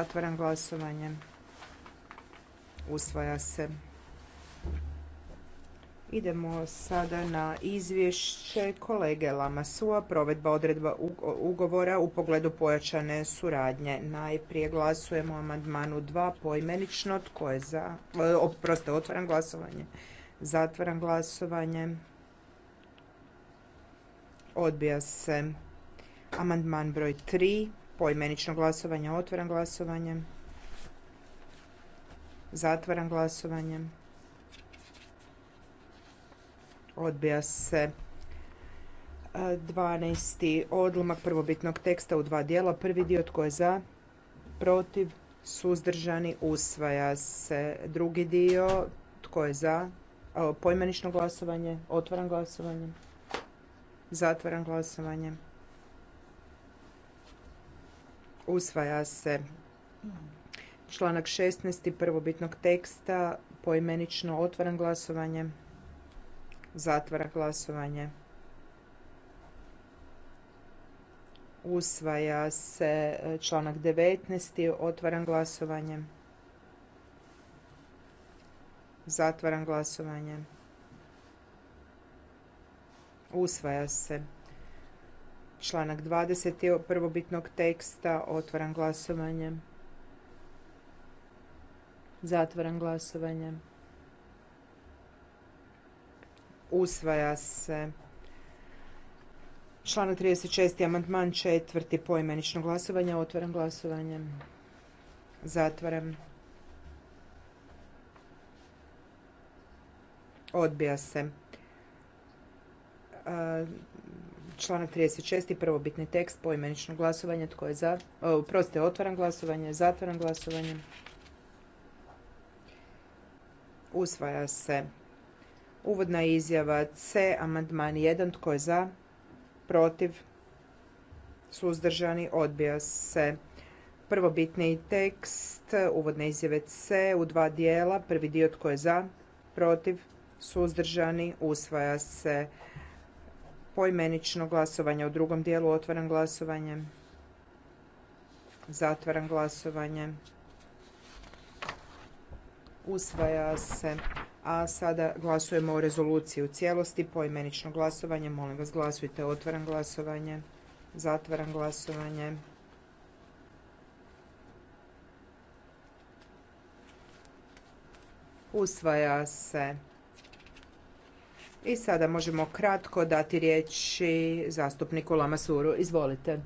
Otvaram glasovanje. Usvaja se. Idemo sada na izvješće kolege Lamasua, provedba odredba ugovora u pogledu pojačane suradnje. Najprije glasujemo o amandmanu 2 poimenično, tko je za... E, otvaram glasovanje. Zatvaram glasovanje. Odbija se amandman broj 3. Poimenično glasovanje. Otvaram glasovanje. Zatvaram glasovanje. Odbija se 12. E, odlomak prvobitnog teksta u dva dijela. Prvi dio tko je za, protiv, suzdržani, usvaja se. Drugi dio tko je za, e, poimenično glasovanje, otvaram glasovanje, zatvaram glasovanje. Usvaja se članak 16. prvobitnog teksta poimenično otvaram glasovanje. Zatvara glasovanje. Usvaja se e, članak 19. Otvaram glasovanje. Zatvaram glasovanje. Usvaja se. Članak 20 prvobitnog teksta. Otvaram glasovanje. Zatvaram glasovanje. Usvaja se. Članak 36. amandman četvrti poimenično glasovanje. Otvaram glasovanje. Zatvaram. Odbija se. Članak 36. prvobitni tekst poimenično glasovanje. Tko je za? proste, otvaram glasovanje, zatvaram glasovanje. Usvaja se. Uvodna izjava C, amandman 1. Tko je za? Protiv? Suzdržani? Odbija se. Prvobitni tekst uvodne izjave C u dva dijela. Prvi dio tko je za? Protiv? Suzdržani? Usvaja se poimenično glasovanje u drugom dijelu otvaram glasovanje zatvaram glasovanje usvaja se a sada glasujemo o rezoluciji u cijelosti poimenično glasovanje molim vas glasujte otvaram glasovanje zatvaram glasovanje usvaja se i sada možemo kratko dati riječi zastupniku Lamasuru. Izvolite.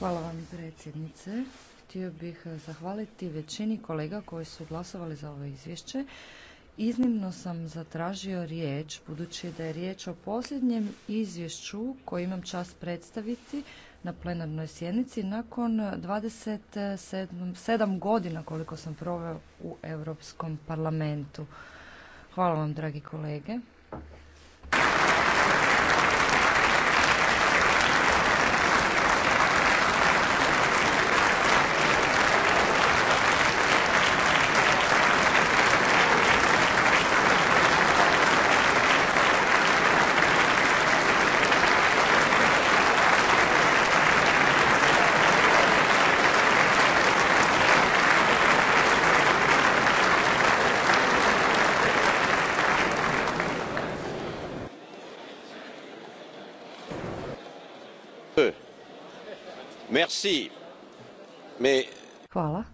Hvala vam predsjednice. Htio bih eh, zahvaliti većini kolega koji su glasovali za ovo izvješće. Iznimno sam zatražio riječ, budući da je riječ o posljednjem izvješću koje imam čast predstaviti na plenarnoj sjednici nakon 27 godina koliko sam proveo u Europskom parlamentu. Hvala vam, dragi kolege. Hvala.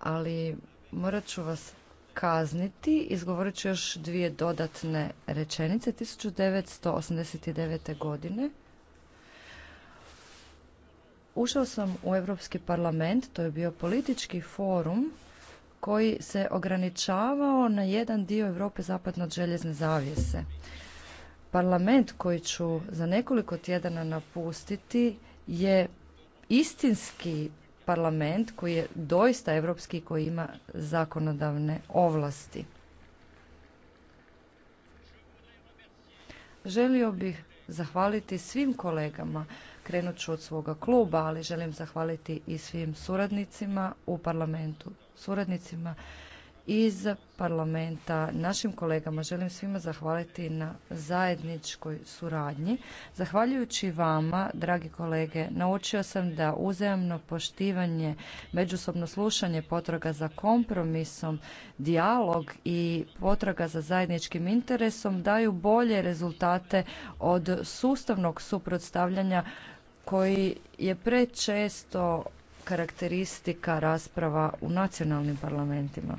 Ali morat ću vas kazniti. Izgovorit ću još dvije dodatne rečenice. 1989. godine ušao sam u Europski parlament. To je bio politički forum koji se ograničavao na jedan dio Europe zapadno od željezne zavijese. Parlament koji ću za nekoliko tjedana napustiti je istinski parlament koji je doista europski koji ima zakonodavne ovlasti. Želio bih zahvaliti svim kolegama, krenut ću od svoga kluba, ali želim zahvaliti i svim suradnicima u parlamentu, suradnicima iz parlamenta našim kolegama želim svima zahvaliti na zajedničkoj suradnji. Zahvaljujući vama, dragi kolege, naučio sam da uzajamno poštivanje, međusobno slušanje, potraga za kompromisom, dijalog i potraga za zajedničkim interesom daju bolje rezultate od sustavnog suprotstavljanja koji je prečesto karakteristika rasprava u nacionalnim parlamentima.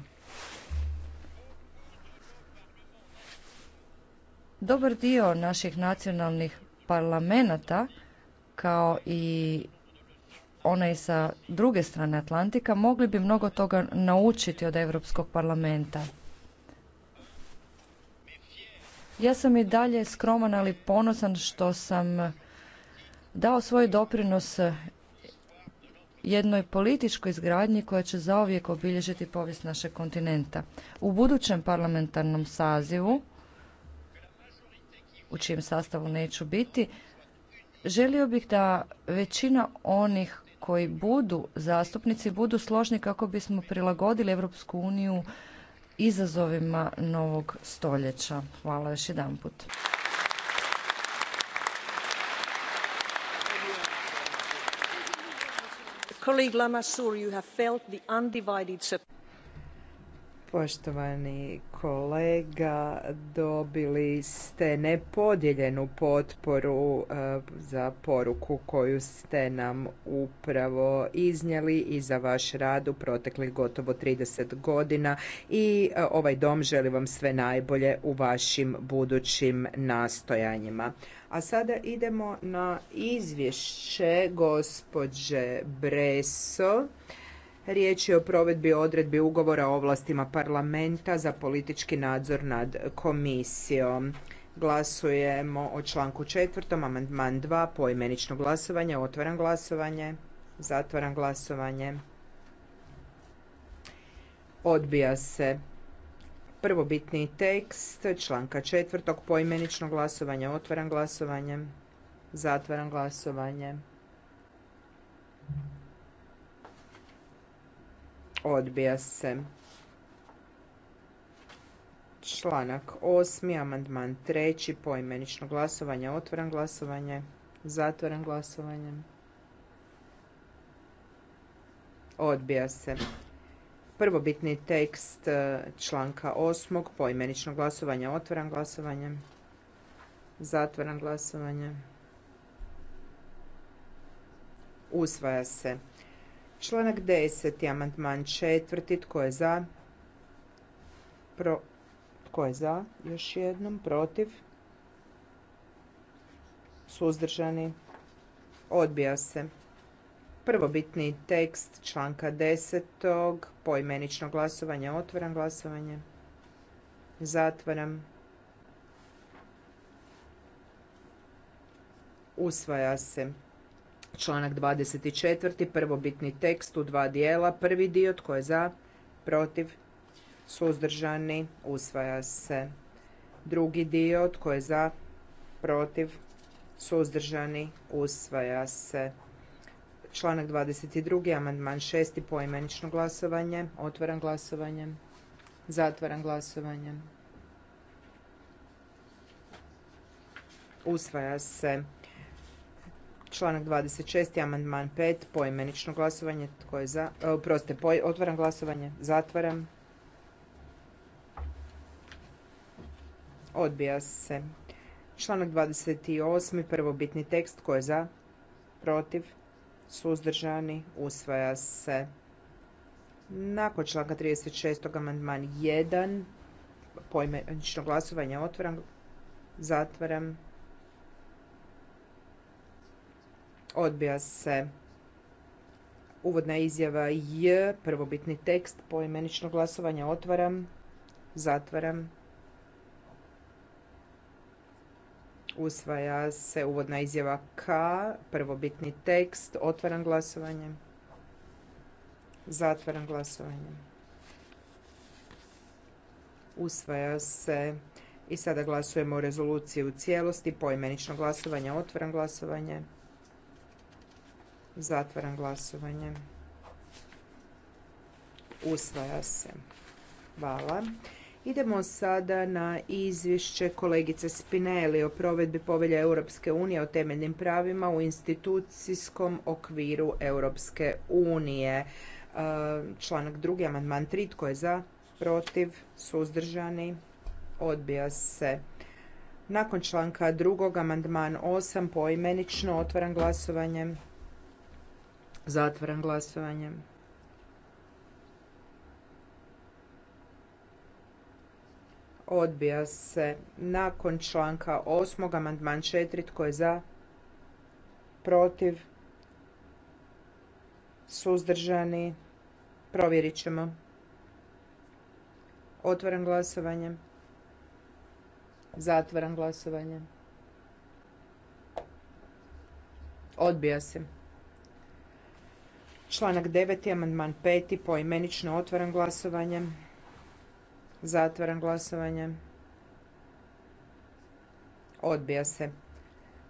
Dobar dio naših nacionalnih parlamenata kao i onaj sa druge strane Atlantika mogli bi mnogo toga naučiti od Europskog parlamenta. Ja sam i dalje skroman ali ponosan što sam dao svoj doprinos jednoj političkoj izgradnji koja će zaovijek obilježiti povijest našeg kontinenta. U budućem parlamentarnom sazivu u čijem sastavu neću biti, želio bih da većina onih koji budu zastupnici budu složni kako bismo prilagodili Europsku uniju izazovima novog stoljeća. Hvala još put. Colleague Lamassur, you have felt the undivided Poštovani kolega, dobili ste nepodijeljenu potporu e, za poruku koju ste nam upravo iznijeli i za vaš rad u proteklih gotovo 30 godina i e, ovaj dom želi vam sve najbolje u vašim budućim nastojanjima. A sada idemo na izvješće gospođe Breso Riječ je o provedbi odredbi ugovora o ovlastima parlamenta za politički nadzor nad komisijom. Glasujemo o članku četvrtom, amandman 2, poimenično glasovanje, otvaram glasovanje, zatvaram glasovanje. Odbija se prvobitni tekst članka četvrtog, poimenično glasovanje, otvaram glasovanje, zatvaram glasovanje odbija se. Članak 8. amandman treći, poimenično glasovanje, otvoren glasovanje, zatvoren glasovanje. Odbija se. Prvobitni tekst e, članka 8. poimenično glasovanje, otvoren glasovanje, zatvoren glasovanje. Usvaja se. Članak 10. amandman četvrti. Tko je za? tko je za? Još jednom. Protiv? Suzdržani? Odbija se. Prvobitni tekst članka 10. Poimenično glasovanje. Otvaram glasovanje. Zatvaram. Usvaja se. Članak 24. Prvobitni tekst u dva dijela. Prvi dio tko je za, protiv, suzdržani, usvaja se. Drugi dio tko je za, protiv, suzdržani, usvaja se. Članak 22. Amandman 6. Poimenično glasovanje. Otvoran glasovanje. Zatvoran glasovanje. Usvaja se. Članak 26. amandman 5. Poimenično glasovanje. Tko je za? E, otvaram glasovanje. Zatvaram. Odbija se. Članak 28. Prvobitni tekst. Tko je za? Protiv? Suzdržani? Usvaja se. Nakon članka 36. amandman 1. Poimenično glasovanje. Otvaram. Zatvaram. Odbija se. Uvodna izjava J, prvobitni tekst, poimenično glasovanje otvaram, zatvaram. Usvaja se uvodna izjava K, prvobitni tekst, otvaram glasovanje, zatvaram glasovanje. Usvaja se i sada glasujemo o rezoluciji u cijelosti, poimenično glasovanje, otvaram glasovanje. Zatvaram glasovanje. Usvaja se. Hvala. Idemo sada na izvješće kolegice Spinelli o provedbi povelja Europske unije o temeljnim pravima u institucijskom okviru Europske unije. E, članak drugi, amandman tri. tko je za, protiv, suzdržani, odbija se. Nakon članka drugog, amandman 8, poimenično, otvaram glasovanje. Zatvaram glasovanjem. Odbija se nakon članka 8. amandman 4. Tko je za? Protiv? Suzdržani? Provjerit ćemo. Otvaram glasovanje. Zatvaram glasovanje. Odbija se. Članak 9. amandman 5. poimenično otvaram glasovanje. Zatvaram glasovanje. Odbija se.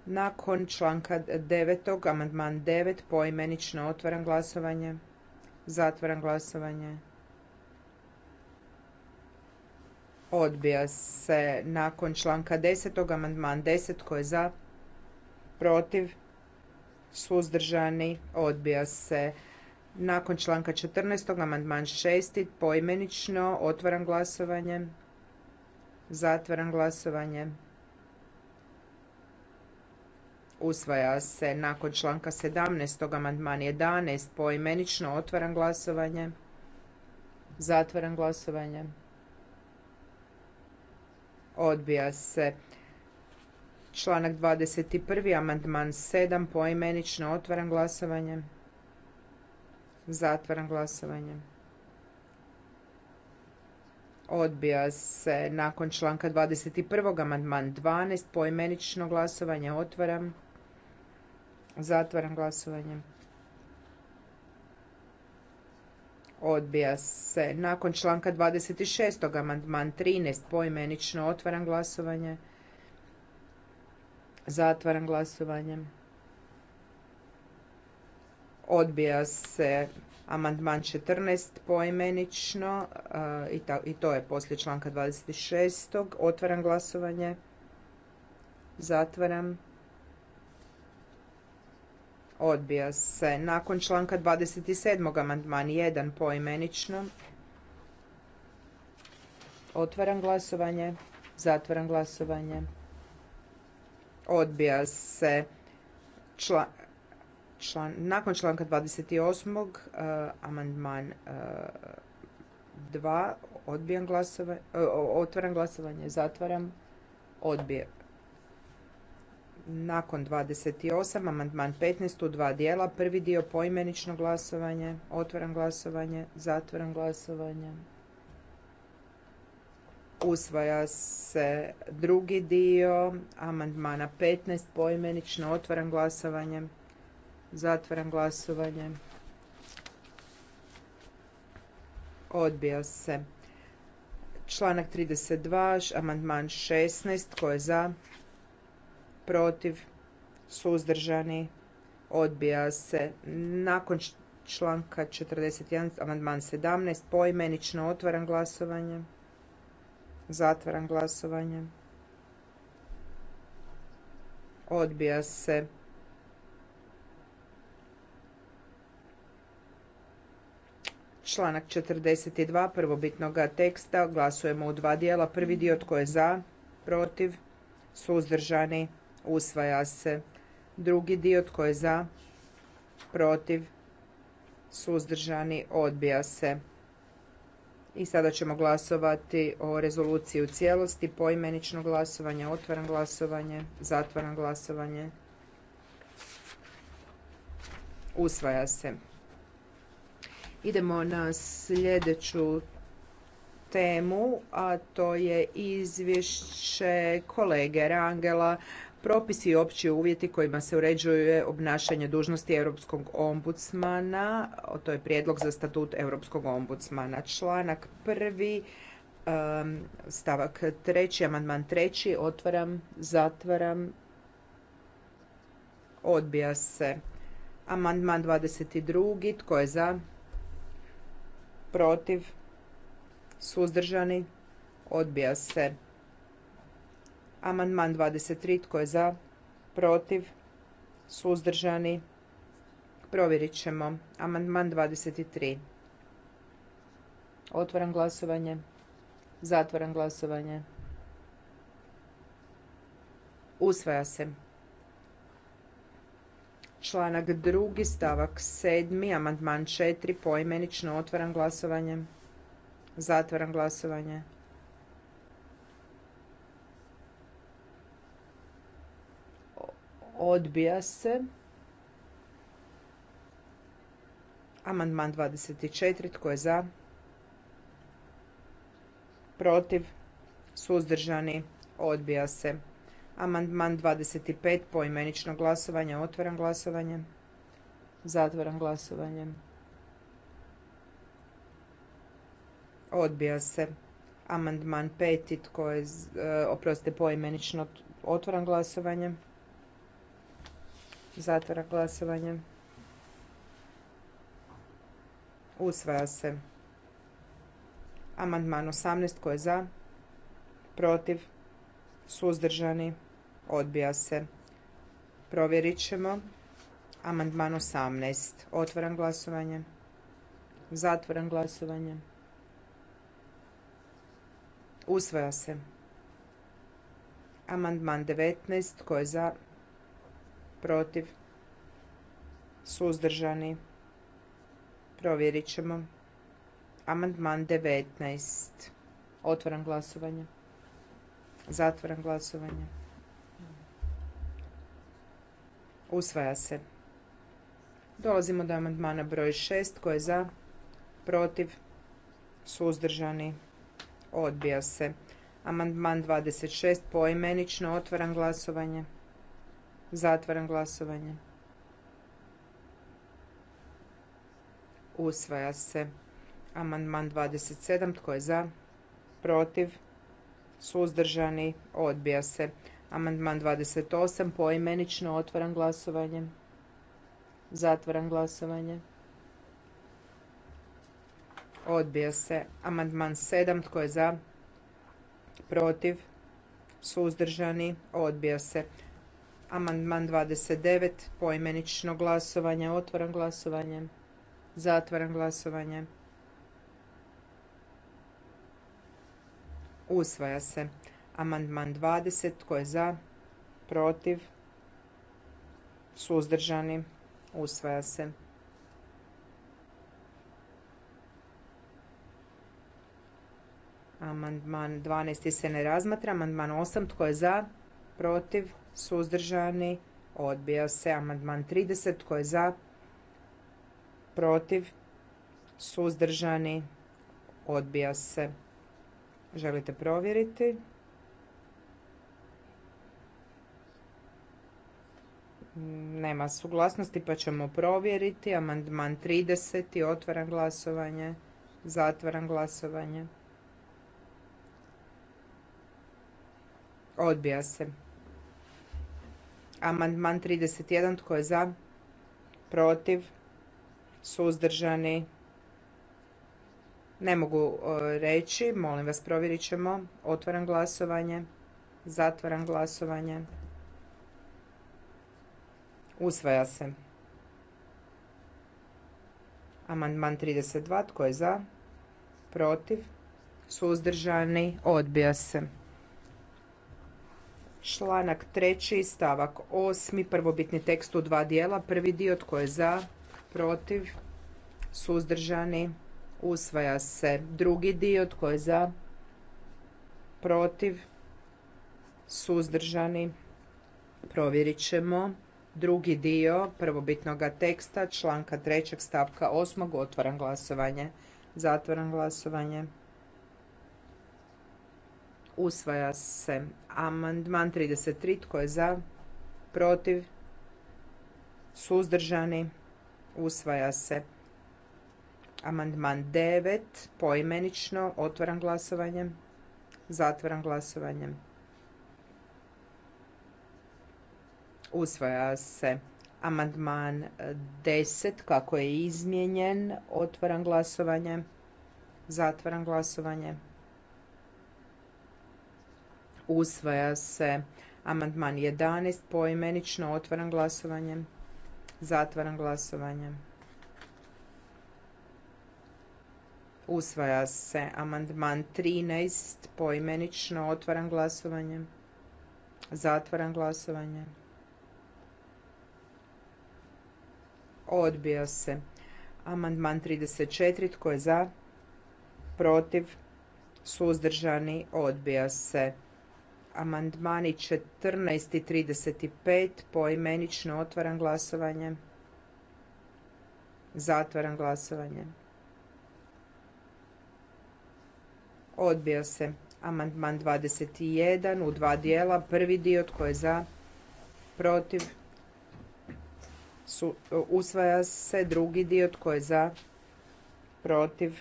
Nakon članka 9. amandman 9. poimenično otvaram glasovanje. Zatvaram glasovanje. Odbija se nakon članka 10. amandman 10. Tko je za? Protiv? suzdržani, odbija se. Nakon članka 14. amandman 6. poimenično otvaram glasovanje. Zatvaram glasovanje. Usvaja se nakon članka 17. amandman 11. poimenično otvaram glasovanje. Zatvaram glasovanje. Odbija se. Članak 21. amandman 7. Poimenično otvaram glasovanje. Zatvaram glasovanje. Odbija se nakon članka 21. amandman 12. Poimenično glasovanje otvaram. Zatvaram glasovanje. Odbija se nakon članka 26. amandman 13. Poimenično otvaram glasovanje. Zatvaram glasovanje. Odbija se amandman 14 poimenično i to je poslije članka 26. Otvaram glasovanje. Zatvaram. Odbija se. Nakon članka 27. amandman 1 poimenično. Otvaram glasovanje. Zatvaram glasovanje. Odbija se nakon članka 28. E, amandman 2. E, odbijam glasovanje, otvaram glasovanje, zatvaram, odbije. Nakon 28. amandman 15. u dva dijela. Prvi dio poimenično glasovanje, otvaram glasovanje, zatvaram glasovanje. Usvaja se drugi dio amandmana 15 poimenično. Otvaram glasovanje. Zatvaram glasovanje. Odbija se. Članak 32, amandman 16. Tko je za? Protiv? Suzdržani? Odbija se. Nakon članka 41, amandman 17. Poimenično otvaram glasovanje. Zatvaram glasovanje. Odbija se. Članak 42 prvobitnog teksta glasujemo u dva dijela. Prvi dio tko je za, protiv, suzdržani, usvaja se. Drugi dio tko je za, protiv, suzdržani, odbija se. I sada ćemo glasovati o rezoluciji u cijelosti, poimenično glasovanje, otvaram glasovanje, zatvaram glasovanje. Usvaja se. Idemo na sljedeću temu, a to je izvješće kolege Rangela Propisi i opći uvjeti kojima se uređuje obnašanje dužnosti Europskog ombudsmana, to je prijedlog za statut Europskog ombudsmana. Članak prvi, stavak treći, amandman treći, otvaram, zatvaram, odbija se. Amandman 22. Tko je za? Protiv? Suzdržani? Odbija se. Amandman 23. Tko je za? Protiv? Suzdržani? Provjerit ćemo. Amandman 23. Otvaram glasovanje. Zatvaram glasovanje. Usvaja se. Članak 2. stavak 7. Amandman 4. Poimenično otvaram glasovanje. Zatvaram glasovanje. odbija se. Amandman 24. Tko je za? Protiv? Suzdržani? Odbija se. Amandman 25. Poimenično glasovanje. Otvaram glasovanje. Zatvaram glasovanje. Odbija se. Amandman 5. Tko je, e, oprostite, poimenično otvoran glasovanje. Zatvara glasovanje. Usvaja se. Amandman 18. Tko je za? Protiv? Suzdržani? Odbija se. Provjerit ćemo. Amandman 18. Otvaram glasovanje. Zatvaram glasovanje. Usvaja se. Amandman 19. Tko je za? protiv suzdržani provjerit ćemo amandman 19 otvaram glasovanje zatvaram glasovanje usvaja se dolazimo do amandmana broj 6 tko je za protiv suzdržani odbija se amandman 26 poimenično otvaram glasovanje Zatvaram glasovanje. Usvaja se. Amandman 27. Tko je za? Protiv? Suzdržani? Odbija se. Amandman 28. Poimenično otvaram glasovanje. Zatvaram glasovanje. Odbija se. Amandman 7. Tko je za? Protiv? Suzdržani? Odbija se. Amandman 29. Poimenično glasovanje. otvoran glasovanje. Zatvaram glasovanje. Usvaja se. Amandman 20. Tko je za? Protiv? Suzdržani? Usvaja se. Amandman 12. se ne razmatra. Amandman 8. Tko je za? Protiv? suzdržani, odbija se. Amandman 30 tko je za, protiv, suzdržani, odbija se. Želite provjeriti? Nema suglasnosti pa ćemo provjeriti. Amandman 30. Otvaram glasovanje. Zatvaram glasovanje. Odbija se. Amandman 31. Tko je za? Protiv? Suzdržani? Ne mogu reći. Molim vas, provjerit ćemo. Otvaram glasovanje. Zatvaram glasovanje. Usvaja se. Amandman 32. Tko je za? Protiv? Suzdržani? Odbija se. Članak 3. stavak 8. prvobitni tekst u dva dijela. Prvi dio tko je za, protiv, suzdržani, usvaja se. Drugi dio tko je za, protiv, suzdržani, provjerit ćemo. Drugi dio prvobitnog teksta članka 3. stavka 8. otvaram glasovanje. Zatvaram glasovanje usvaja se amandman 33 tko je za protiv suzdržani usvaja se amandman 9 poimenično otvaram glasovanje zatvaram glasovanje usvaja se amandman 10 kako je izmijenjen otvaram glasovanje zatvaram glasovanje usvaja se amandman 11 poimenično otvaram glasovanje zatvaram glasovanje usvaja se amandman 13 poimenično otvaram glasovanje zatvaram glasovanje odbija se amandman 34 tko je za protiv suzdržani odbija se amandmani 14 i 35 poimenično otvaram glasovanje. Zatvaram glasovanje. Odbio se amandman 21 u dva dijela. Prvi dio tko je za, protiv, usvaja se. Drugi dio tko je za, protiv,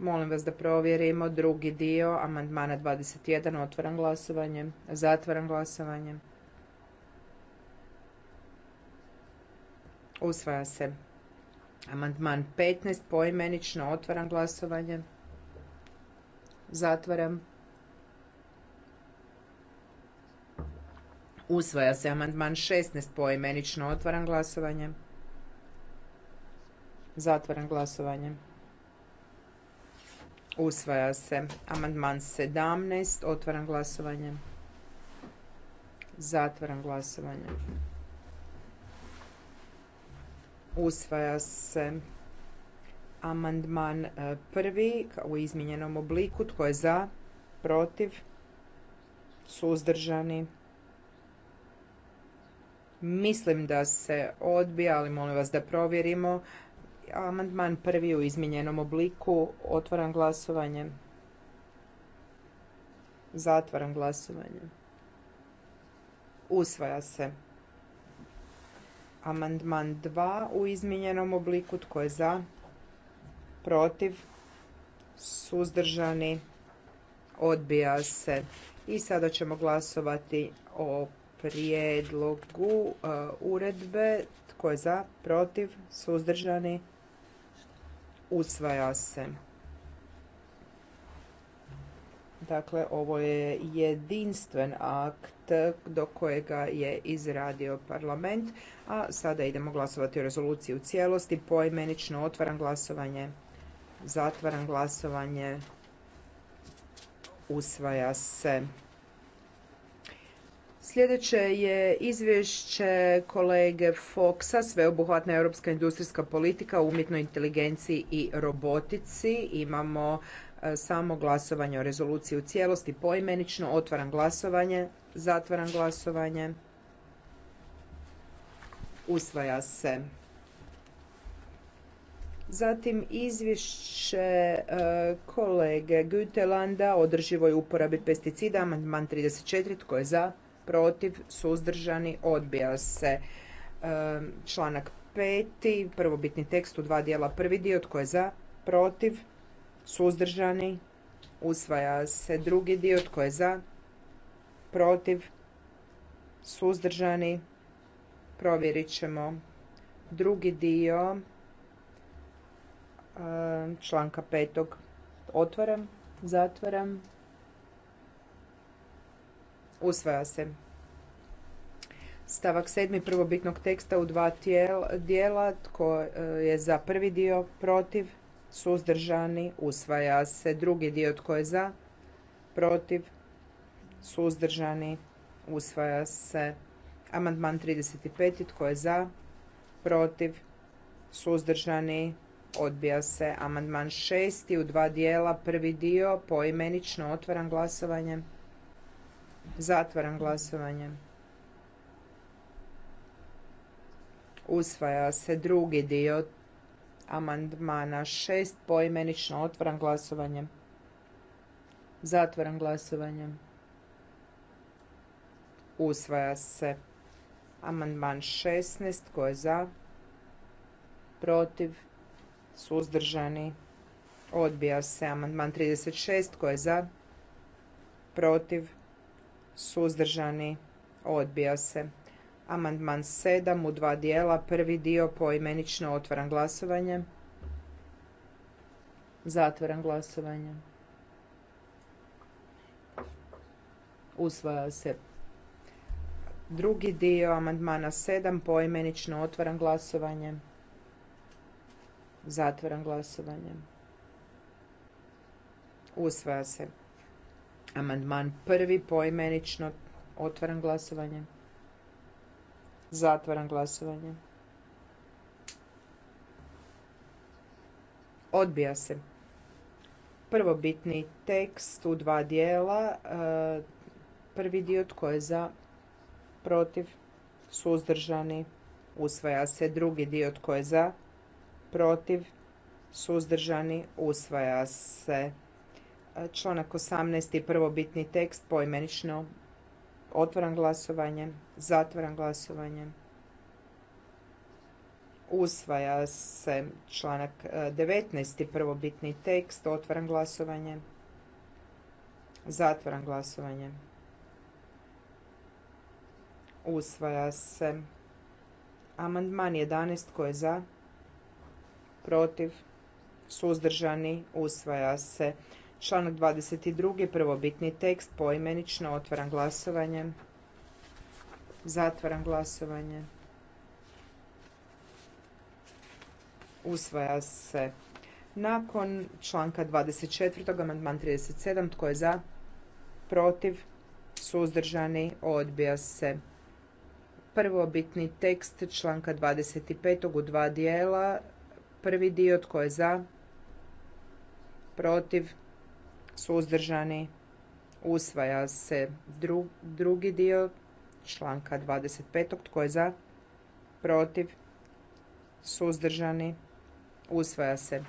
Molim vas da provjerimo drugi dio amandmana 21. Otvaram glasovanje. Zatvaram glasovanje. Usvaja se. Amandman 15. Poimenično otvaram glasovanje. Zatvaram. Usvaja se amandman 16. Poimenično otvaram glasovanje. Zatvaram glasovanje. Usvaja se. Amandman 17. Otvaram glasovanje. Zatvaram glasovanje. Usvaja se. Amandman e, prvi u izmijenjenom obliku. Tko je za? Protiv? Suzdržani? Mislim da se odbija, ali molim vas da provjerimo. Amandman prvi u izmijenjenom obliku. Otvaram glasovanje. Zatvaram glasovanje. Usvaja se. Amandman 2 u izmijenjenom obliku. Tko je za? Protiv? Suzdržani? Odbija se. I sada ćemo glasovati o prijedlogu e, uredbe. Tko je za? Protiv? Suzdržani? usvaja se. Dakle, ovo je jedinstven akt do kojega je izradio parlament, a sada idemo glasovati o rezoluciji u cijelosti. Poimenično otvaram glasovanje, zatvaram glasovanje, usvaja se. Sljedeće je izvješće kolege Foxa, sveobuhvatna europska industrijska politika u umjetnoj inteligenciji i robotici. Imamo e, samo glasovanje o rezoluciji u cijelosti poimenično. Otvaram glasovanje, zatvaram glasovanje. Usvaja se. Zatim izvješće e, kolege Gütelanda o održivoj uporabi pesticida, amandman 34, tko je za? protiv, suzdržani, odbija se. Članak 5. prvobitni tekst u dva dijela. Prvi dio tko je za, protiv, suzdržani, usvaja se. Drugi dio tko je za, protiv, suzdržani, provjerit ćemo. Drugi dio članka petog otvaram, zatvaram. Usvaja se. Stavak 7. prvobitnog teksta u dva dijela. Tko e, je za prvi dio protiv? Suzdržani. Usvaja se. Drugi dio tko je za? Protiv? Suzdržani. Usvaja se. Amandman 35. Tko je za? Protiv? Suzdržani. Odbija se. Amandman 6. U dva dijela. Prvi dio poimenično otvaram glasovanje. Zatvaram glasovanje. Usvaja se drugi dio amandmana 6 poimenično otvaram glasovanje. Zatvaram glasovanje. Usvaja se amandman 16 tko je za? Protiv? Suzdržani? Odbija se amandman 36 tko je za? Protiv? suzdržani, odbija se. Amandman 7 u dva dijela, prvi dio poimenično otvaram glasovanje. Zatvaram glasovanje. Usvaja se. Drugi dio amandmana 7 poimenično otvaram glasovanje. Zatvaram glasovanje. Usvaja se. Amandman prvi poimenično otvaram glasovanje. Zatvaram glasovanje. Odbija se. Prvo bitni tekst u dva dijela. E, prvi dio tko je za, protiv, suzdržani. Usvaja se drugi dio tko je za, protiv, suzdržani. Usvaja se E, članak 18. prvobitni tekst poimenično. Otvaram glasovanje. Zatvaram glasovanje. Usvaja se članak 19. E, prvobitni tekst. Otvaram glasovanje. Zatvaram glasovanje. Usvaja se. Amandman 11. koji je za? Protiv? Suzdržani? Usvaja se. Članak 22. prvobitni tekst poimenično otvaram glasovanje. Zatvaram glasovanje. Usvaja se. Nakon članka 24. amandman 37. Tko je za? Protiv? Suzdržani? Odbija se. Prvobitni tekst članka 25. u dva dijela. Prvi dio tko je za? Protiv? suzdržani, usvaja se drugi dio članka 25. Tko je za? Protiv? Suzdržani? Usvaja se.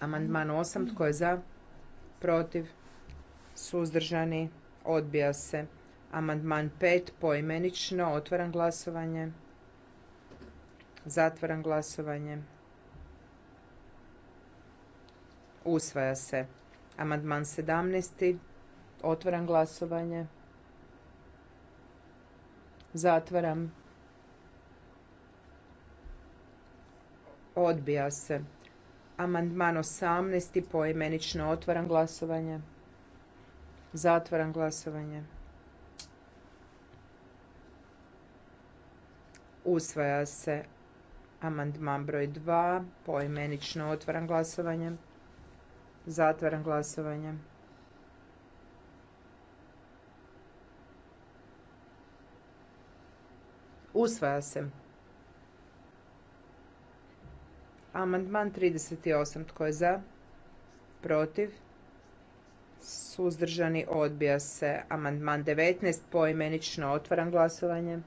Amandman 8. Tko je za? Protiv? Suzdržani? Odbija se. Amandman 5. Poimenično. Otvaram glasovanje. Zatvaram glasovanje. Usvaja se. Amandman 17. Otvaram glasovanje. Zatvaram. Odbija se. Amandman 18. Poimenično otvaram glasovanje. Zatvaram glasovanje. Usvaja se amandman broj 2. Poimenično otvaram glasovanje. Zatvaram glasovanje. Usvaja se. Amandman 38. Tko je za? Protiv? Suzdržani odbija se. Amandman 19. Poimenično otvaram glasovanje.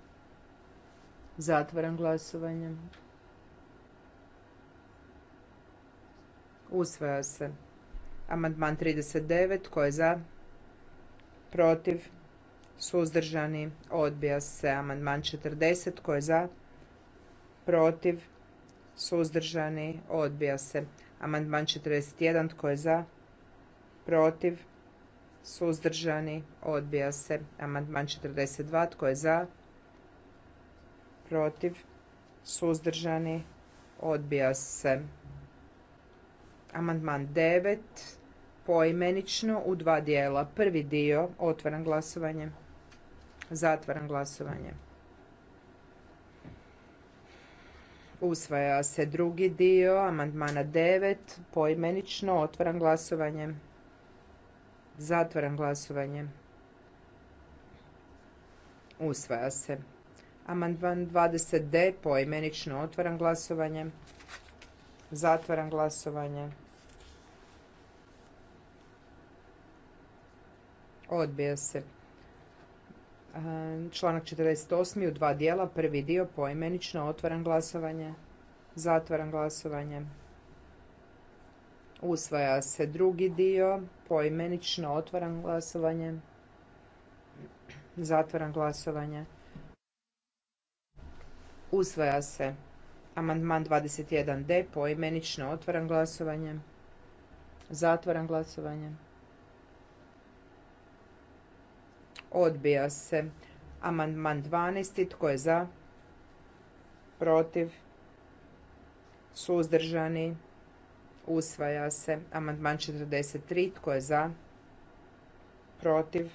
Zatvaram glasovanje. Usvaja se. Amandman 39. Tko je za? Protiv? Suzdržani? Odbija se. Amandman 40. Tko je za? Protiv? Suzdržani? Odbija se. Amandman 41. Tko je za? Protiv? Suzdržani? Odbija se. Amandman 42. Tko je za? Protiv? Suzdržani? Odbija se. Amandman 9 poimenično u dva dijela. Prvi dio otvoran glasovanje. zatvoran glasovanje. Usvaja se drugi dio amandmana 9 poimenično otvoran glasovanje. zatvoran glasovanje. Usvaja se. Amandman 20D poimenično otvoran glasovanje. zatvoran glasovanje. Odbija se. Članak 48. u dva dijela. Prvi dio poimenično. otvoran glasovanje. Zatvaram glasovanje. Usvaja se drugi dio. Poimenično. Otvaram glasovanje. Zatvaram glasovanje. Usvaja se. Amandman 21D. Poimenično. Otvaram glasovanje. Zatvaram glasovanje. Odbija se. Amandman 12. Tko je za? Protiv? Suzdržani? Usvaja se. Amandman 43. Tko je za? Protiv?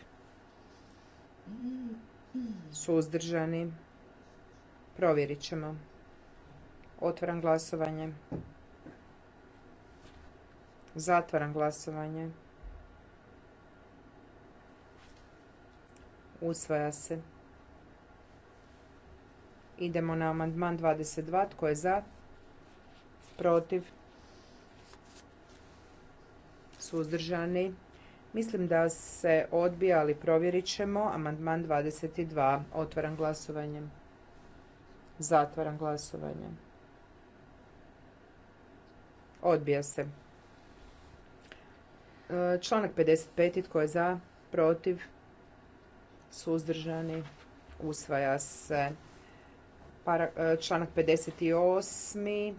Suzdržani? Provjerit ćemo. Otvaram glasovanje. Zatvaram glasovanje. usvaja se idemo na amandman 22 tko je za protiv suzdržani mislim da se odbija ali provjerit ćemo amandman 22 otvaram glasovanje zatvaram glasovanje odbija se e, članak 55 tko je za protiv suzdržani, usvaja se. E, članak 58.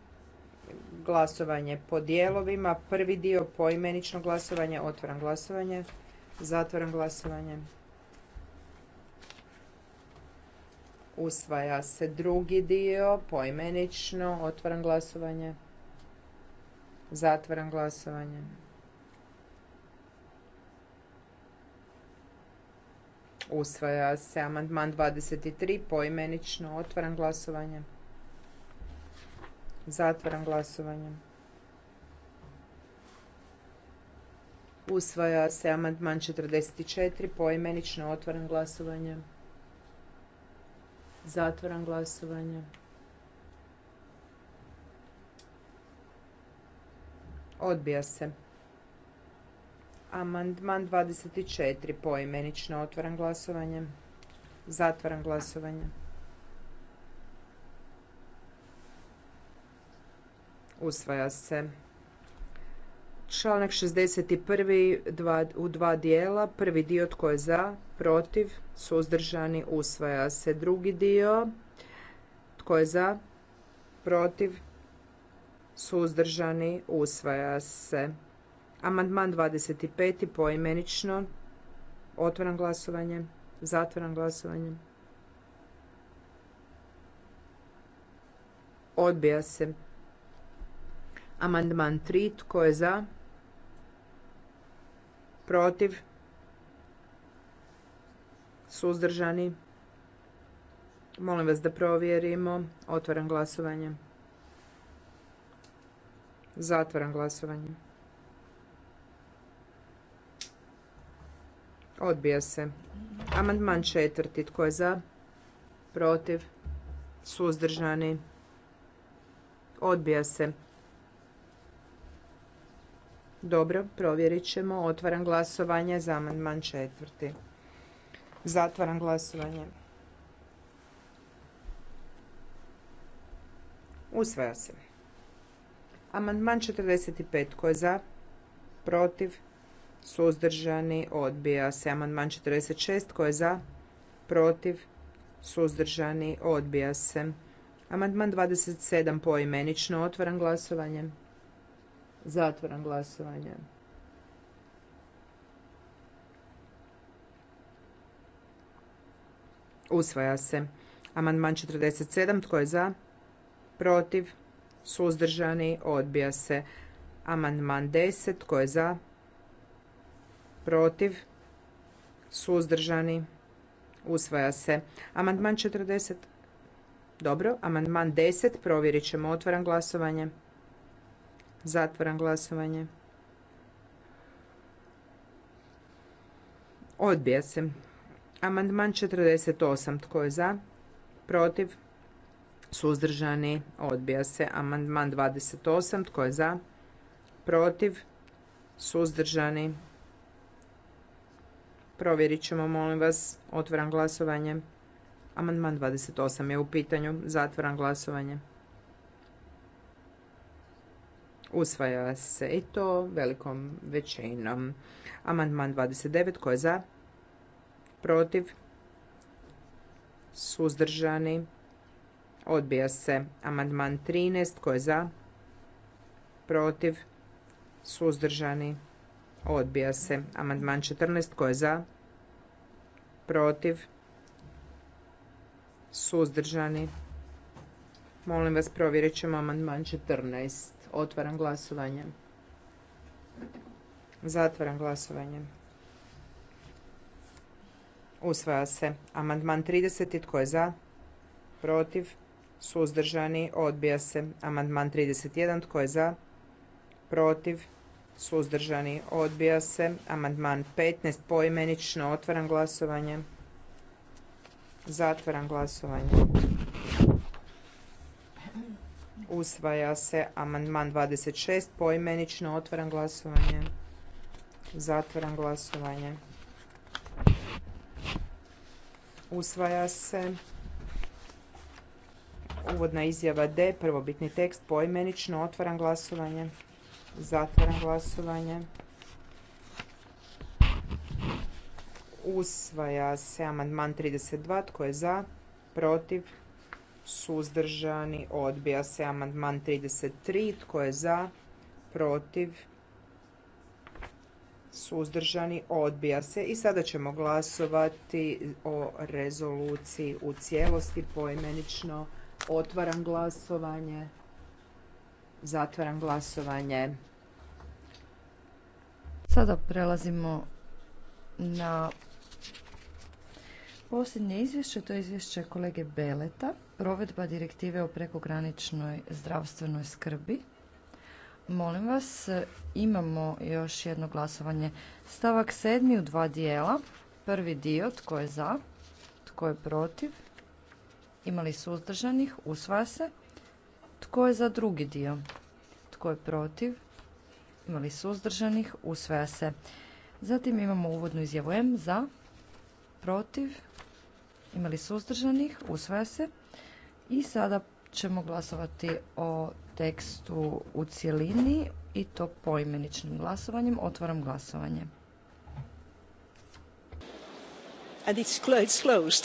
Glasovanje po dijelovima. Prvi dio poimenično glasovanje. Otvaram glasovanje. Zatvaram glasovanje. Usvaja se drugi dio poimenično. Otvaram glasovanje. Zatvaram glasovanje. Usvaja se amandman 23 poimenično. Otvaram glasovanje. Zatvaram glasovanje. Usvaja se amandman 44 poimenično. Otvaram glasovanje. Zatvaram glasovanje. Odbija se. Amandman 24 poimenično otvaram glasovanje. Zatvaram glasovanje. Usvaja se. Članak 61. u dva dijela. Prvi dio tko je za, protiv, suzdržani, usvaja se. Drugi dio tko je za, protiv, suzdržani, usvaja se. Amandman 25. poimenično. Otvoram glasovanje. Zatvoram glasovanje. Odbija se. Amandman 3. Tko je za? Protiv? Suzdržani? Molim vas da provjerimo. Otvaram glasovanje. Zatvaram glasovanje. Odbija se. Amandman četvrti. Tko je za? Protiv? Suzdržani? Odbija se. Dobro, provjerit ćemo. Otvaram glasovanje za amandman četvrti. Zatvaram glasovanje. Usvaja se. Amandman 45. Tko je za? Protiv? suzdržani, odbija se. Amandman 46. Tko je za? Protiv? Suzdržani, odbija se. Amandman 27. Poimenično Otvoran glasovanje. Zatvoran glasovanje. Usvaja se. Amandman 47. Tko je za? Protiv? Suzdržani? Odbija se. Amandman 10. Tko je za? protiv, suzdržani, usvaja se. Amandman 40, dobro, amandman 10, provjerit ćemo, otvaram glasovanje, zatvaram glasovanje. Odbija se. Amandman 48, tko je za, protiv, suzdržani, odbija se. Amandman 28, tko je za, protiv, suzdržani, Provjerit ćemo, molim vas. Otvaram glasovanje. Amandman 28 je u pitanju. Zatvaram glasovanje. Usvaja se i to velikom većinom. Amandman 29. Ko je za? Protiv? Suzdržani? Odbija se. Amandman 13. Ko je za? Protiv? Suzdržani? odbija se. Amandman 14 tko je za? Protiv? Suzdržani? Molim vas provjerit ćemo amandman 14. Otvaram glasovanje. Zatvaram glasovanje. Usvaja se. Amandman 30. Tko je za? Protiv? Suzdržani? Odbija se. Amandman 31. Tko je za? Protiv? suzdržani, odbija se. Amandman 15 poimenično, otvaram glasovanje. Zatvaram glasovanje. Usvaja se amandman 26 poimenično, otvaram glasovanje. Zatvaram glasovanje. Usvaja se uvodna izjava D, prvobitni tekst poimenično, otvaram glasovanje. Zatvaram glasovanje. Usvaja se amandman 32. Tko je za? Protiv? Suzdržani? Odbija se amandman 33. Tko je za? Protiv? Suzdržani? Odbija se. I sada ćemo glasovati o rezoluciji u cijelosti poimenično. Otvaram glasovanje. Zatvaram glasovanje. Sada prelazimo na posljednje izvješće, to je izvješće kolege Beleta, provedba direktive o prekograničnoj zdravstvenoj skrbi. Molim vas, imamo još jedno glasovanje. Stavak sedmi u dva dijela. Prvi dio, tko je za, tko je protiv, imali suzdržanih, usvaja se. Tko je za drugi dio? Tko je protiv? Imali suzdržanih? Usvaja se. Zatim imamo uvodnu izjavu M za, protiv, imali suzdržanih? Usvaja se. I sada ćemo glasovati o tekstu u cjelini i to poimeničnim glasovanjem. Otvaram glasovanje. And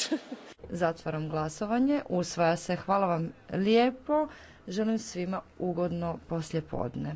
Zatvaram glasovanje. Usvaja se. Hvala vam lijepo. Želim svima ugodno poslijepodne.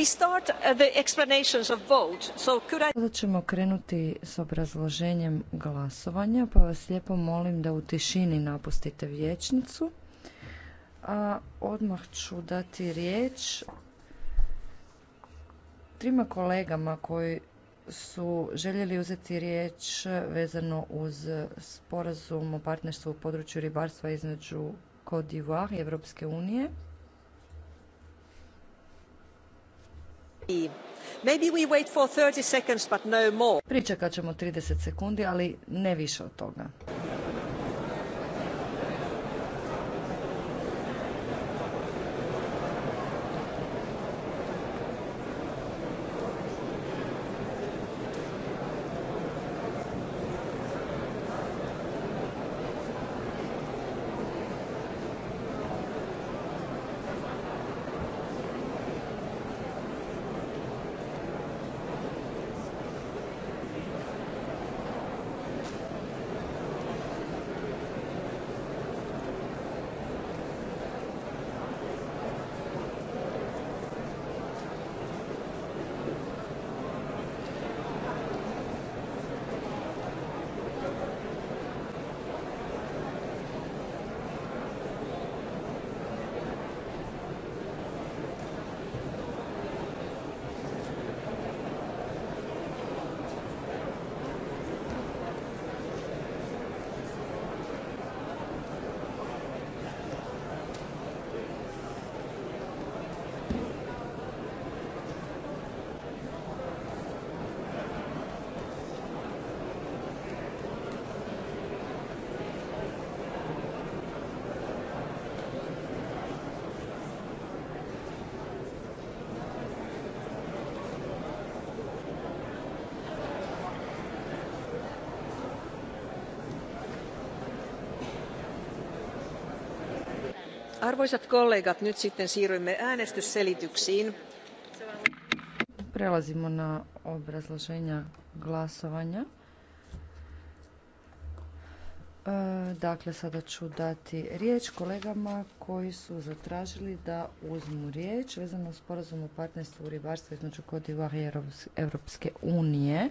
Uh, Sada ćemo krenuti s obrazloženjem glasovanja, pa vas lijepo molim da u tišini napustite vijećnicu. A odmah ću dati riječ trima kolegama koji su željeli uzeti riječ vezano uz sporazum o partnerstvu u području ribarstva između Côte d'Ivoire i Europske unije. wait for seconds, but no more. Pričekat ćemo trideset sekundi, ali ne više od toga. Arvoisat kollegat, nyt sitten siirrymme äänestysselityksiin. Prelazimo na obrazloženja glasovanja. E, dakle, sada ću dati riječ kolegama koji su zatražili da uzmu riječ vezano uz sporazum o partnerstvu u ribarstvu između kod i Europske unije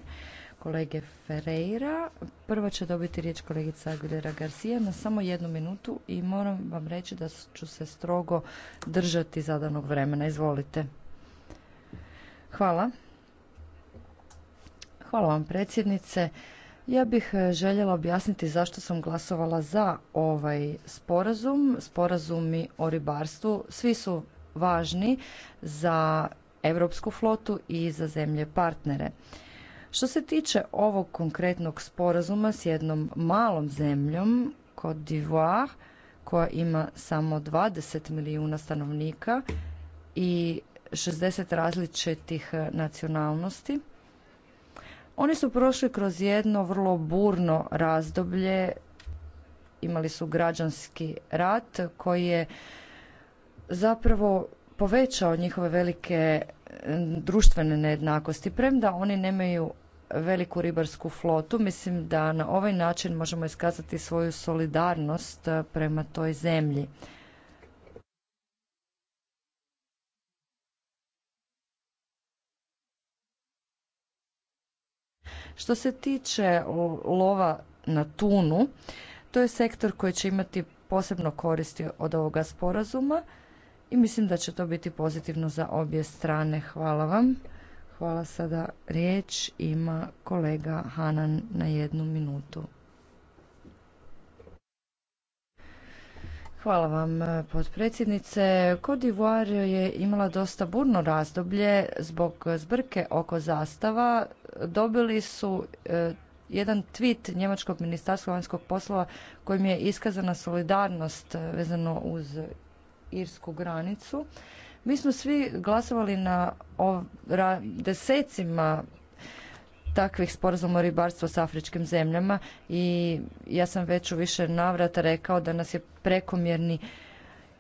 kolege Ferreira. Prvo će dobiti riječ kolegica Aguilera Garcia na samo jednu minutu i moram vam reći da ću se strogo držati zadanog vremena. Izvolite. Hvala. Hvala vam predsjednice. Ja bih e, željela objasniti zašto sam glasovala za ovaj sporazum, sporazumi o ribarstvu. Svi su važni za europsku flotu i za zemlje partnere. Što se tiče ovog konkretnog sporazuma s jednom malom zemljom, kod d'Ivoire, koja ima samo 20 milijuna stanovnika i 60 različitih e, nacionalnosti, oni su prošli kroz jedno vrlo burno razdoblje, imali su građanski rat koji je zapravo povećao njihove velike društvene nejednakosti. Premda oni nemaju veliku ribarsku flotu, mislim da na ovaj način možemo iskazati svoju solidarnost eh, prema toj zemlji. Što se tiče lova na tunu, to je sektor koji će imati posebno koristi od ovoga sporazuma i mislim da će to biti pozitivno za obje strane. Hvala vam. Hvala sada. Riječ ima kolega Hanan na jednu minutu. Hvala vam, potpredsjednice. Kod je imala dosta burno razdoblje zbog zbrke oko zastava. Dobili su e, jedan tweet Njemačkog ministarstva vanjskog poslova kojim je iskazana solidarnost e, vezano uz irsku granicu. Mi smo svi glasovali na desecima takvih sporazuma o ribarstvu s afričkim zemljama i ja sam već u više navrata rekao da nas je prekomjerni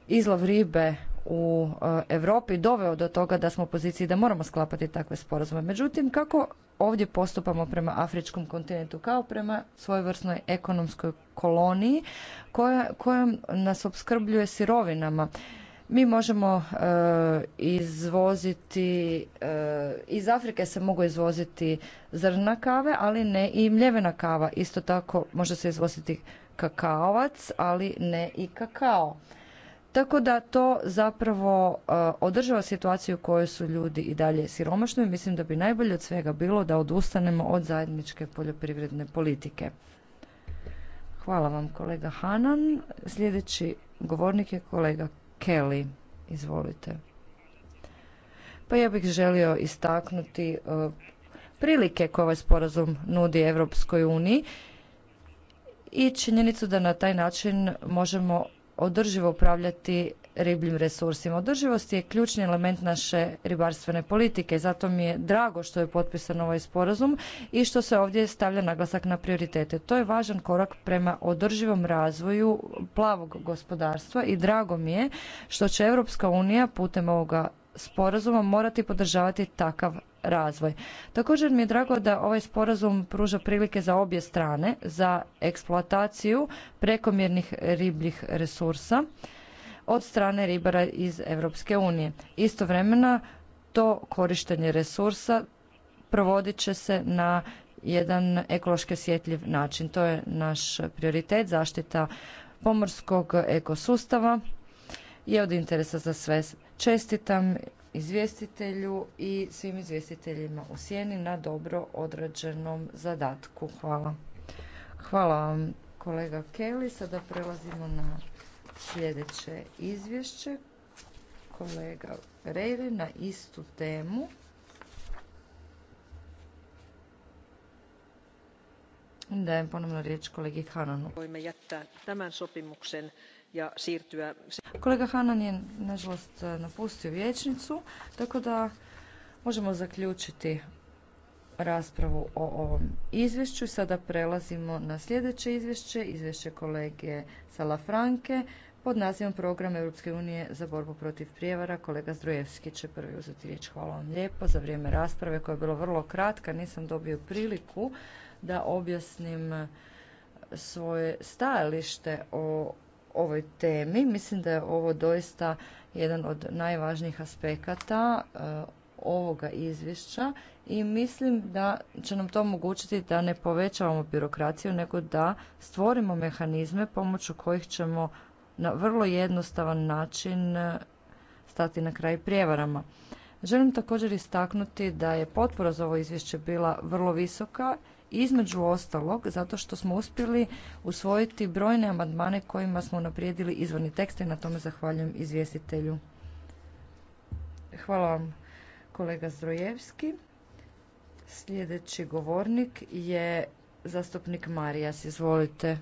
izlov ribe u e, Europi doveo do toga da smo u poziciji da moramo sklapati takve sporazume. Međutim, kako ovdje postupamo prema afričkom kontinentu kao prema svojevrsnoj ekonomskoj koloniji koja, nas opskrbljuje sirovinama. Mi možemo e, izvoziti, e, iz Afrike se mogu izvoziti zrna kave, ali ne i mljevena kava. Isto tako može se izvoziti kakaovac, ali ne i kakao. Tako da to zapravo e, održava situaciju u kojoj su ljudi i dalje siromašni. Mislim da bi najbolje od svega bilo da odustanemo od zajedničke poljoprivredne politike. Hvala vam kolega Hanan. Sljedeći govornik je kolega Kelly. Izvolite. Pa ja bih želio istaknuti e, prilike koje ovaj sporazum nudi Europskoj uniji i činjenicu da na taj način možemo održivo upravljati ribljim resursima. Održivost je ključni element naše ribarstvene politike, zato mi je drago što je potpisan ovaj sporazum i što se ovdje stavlja naglasak na prioritete. To je važan korak prema održivom razvoju plavog gospodarstva i drago mi je što će Europska unija putem ovoga sporazuma morati podržavati takav razvoj. Također mi je drago da ovaj sporazum pruža prilike za obje strane za eksploataciju prekomjernih ribljih resursa od strane ribara iz Europske unije. Istovremeno to korištenje resursa provodit će se na jedan ekološki osjetljiv način. To je naš prioritet, zaštita pomorskog ekosustava je od interesa za sve. Čestitam izvjestitelju i svim izvjestiteljima u sjeni na dobro odrađenom zadatku. Hvala. Hvala vam kolega Kelly. Sada prelazimo na sljedeće izvješće kolega Rejre na istu temu. Dajem ponovno riječ kolegi Hananu. Voimme jättää tämän sopimuksen ja siirtyä... Kolega Hanan je, nažalost, napustio vječnicu, tako da možemo zaključiti raspravu o ovom izvješću. Sada prelazimo na sljedeće izvješće, izvješće kolege Salafranke pod nazivom Program Europske unije za borbu protiv prijevara. Kolega Zdrojevski će prvi uzeti riječ. Hvala vam lijepo za vrijeme rasprave koja je bila vrlo kratka. Nisam dobio priliku da objasnim svoje stajalište o ovoj temi. Mislim da je ovo doista jedan od najvažnijih aspekata eh, ovoga izvješća i mislim da će nam to omogućiti da ne povećavamo birokraciju nego da stvorimo mehanizme pomoću kojih ćemo na vrlo jednostavan način eh, stati na kraj prijevarama. Želim također istaknuti da je potpora za ovo izvješće bila vrlo visoka između ostalog zato što smo uspjeli usvojiti brojne amandmane kojima smo naprijedili izvorni tekst i na tome zahvaljujem izvjestitelju. Hvala vam kolega Zdrojevski. Sljedeći govornik je zastupnik Marijas. Izvolite.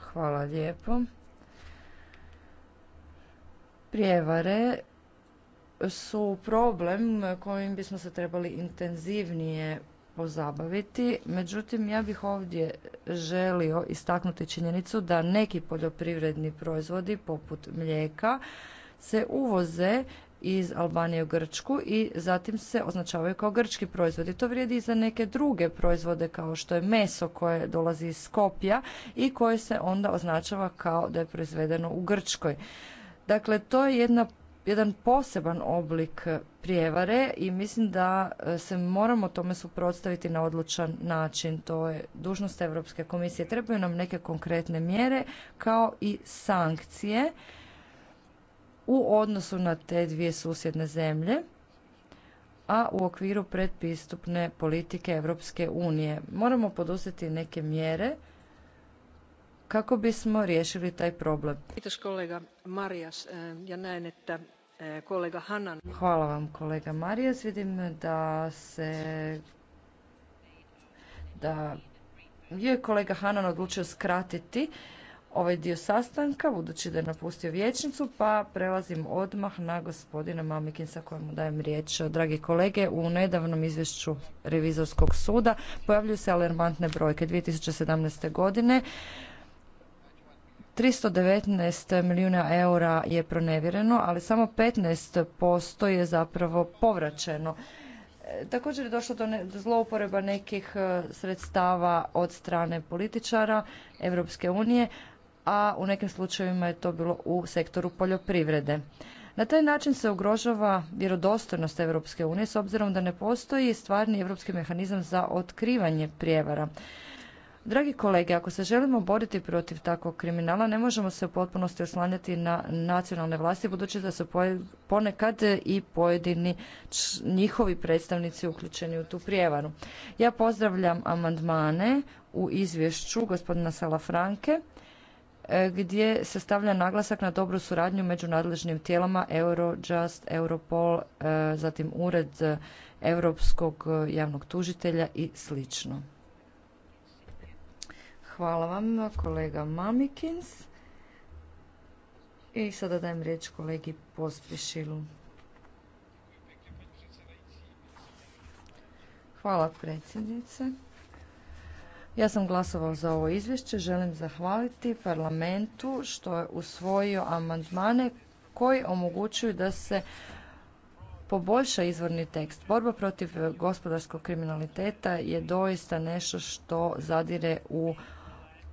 Hvala lijepo. Prijevare su problem kojim bismo se trebali intenzivnije pozabaviti. Međutim, ja bih ovdje želio istaknuti činjenicu da neki poljoprivredni proizvodi poput mlijeka se uvoze iz Albanije u Grčku i zatim se označavaju kao grčki proizvodi. To vrijedi i za neke druge proizvode kao što je meso koje dolazi iz Skopja i koje se onda označava kao da je proizvedeno u Grčkoj. Dakle, to je jedna jedan poseban oblik e, prijevare i mislim da e, se moramo tome suprotstaviti na odlučan način. To je dužnost Europske komisije. Trebaju nam neke konkretne mjere kao i sankcije u odnosu na te dvije susjedne zemlje a u okviru predpristupne politike Europske unije. Moramo poduzeti neke mjere kako bismo riješili taj problem. Kiitos kolega Marija äh, Ja näen, E, kolega Hanan. Hvala vam kolega Marija. Vidim da se da je kolega Hanan odlučio skratiti ovaj dio sastanka, budući da je napustio vječnicu, pa prelazim odmah na gospodina Mamikinsa kojemu dajem riječ. Dragi kolege, u nedavnom izvješću Revizorskog suda pojavljuju se alarmantne brojke. 2017. godine 319 milijuna eura je pronevjereno, ali samo 15% je zapravo povraćeno. E, također je došlo do zlouporeba nekih e, sredstava od strane političara Europske unije, a u nekim slučajevima je to bilo u sektoru poljoprivrede. Na taj način se ugrožava vjerodostojnost Europske unije s obzirom da ne postoji stvarni europski mehanizam za otkrivanje prijevara. Dragi kolege, ako se želimo boriti protiv takvog kriminala, ne možemo se u potpunosti oslanjati na nacionalne vlasti, budući da su ponekad i pojedini njihovi predstavnici uključeni u tu prijevaru. Ja pozdravljam amandmane u izvješću gospodina Salafranke, e, gdje se stavlja naglasak na dobru suradnju među nadležnim tijelama Eurojust, Europol, e, zatim Ured Europskog javnog tužitelja i slično. Hvala vam, kolega Mamikins. I sada dajem riječ kolegi Pospišilu. Hvala predsjednice. Ja sam glasovao za ovo izvješće. Želim zahvaliti parlamentu što je usvojio amandmane koji omogućuju da se poboljša izvorni tekst. Borba protiv gospodarskog kriminaliteta je doista nešto što zadire u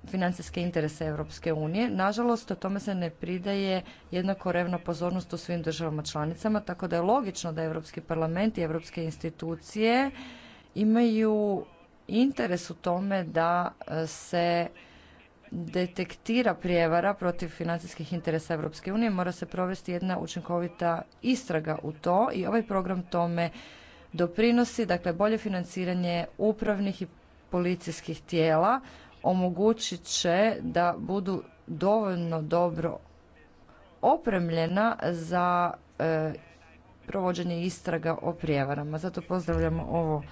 financijske interese Europske unije. Nažalost, o tome se ne pridaje jednako revna pozornost u svim državama članicama, tako da je logično da Europski parlament i europske institucije imaju interes u tome da e, se detektira prijevara protiv financijskih interesa Europske unije, mora se provesti jedna učinkovita istraga u to i ovaj program tome doprinosi, dakle bolje financiranje upravnih i policijskih tijela, omogućit će da budu dovoljno dobro opremljena za e, provođenje istraga o prijevarama. Zato pozdravljamo ovo